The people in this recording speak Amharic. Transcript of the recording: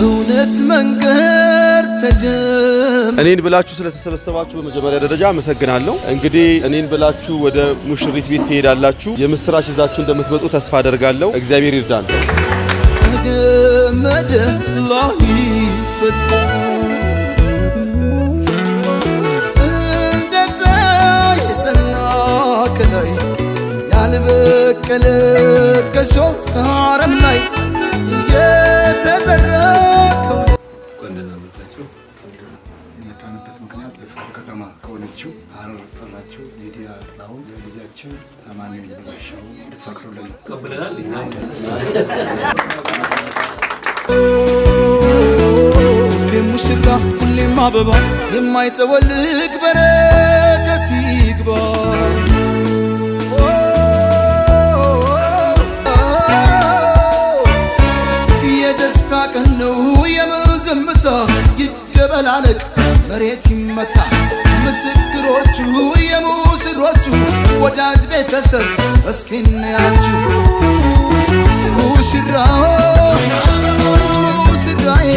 የእውነት መንገድ ተጀመረ። እኔን ብላችሁ ስለተሰበሰባችሁ በመጀመሪያ ደረጃ አመሰግናለሁ። እንግዲህ እኔን ብላችሁ ወደ ሙሽሪት ቤት ትሄዳላችሁ። የምስራች ይዛችሁ እንደምትመጡ ተስፋ አደርጋለሁ። እግዚአብሔር ይርዳን። ተገመደ ያልበቀለ ከሶፍ ካረም ላይ የመጣንበት ምክንያት የፍቅር ከተማ ከሆነችው ሀረር ፈራችው ሊዲያ ጥላሁን ለልጃችን አማኑኤል በጋሻው እንድትፈቅዱልን ሁሌም ሙሽራ ሁሌም አበባ የማይጠወልቅ በረከት ይግባ የደስታ ቀን ነው የም ዝምታ ይደበላለቅ መሬት ይመታ ምስክሮቹ የሙስሮቹ ወዳጅ ቤተሰብ እስኪንያችሁ ሙሽራው ሙስራዬ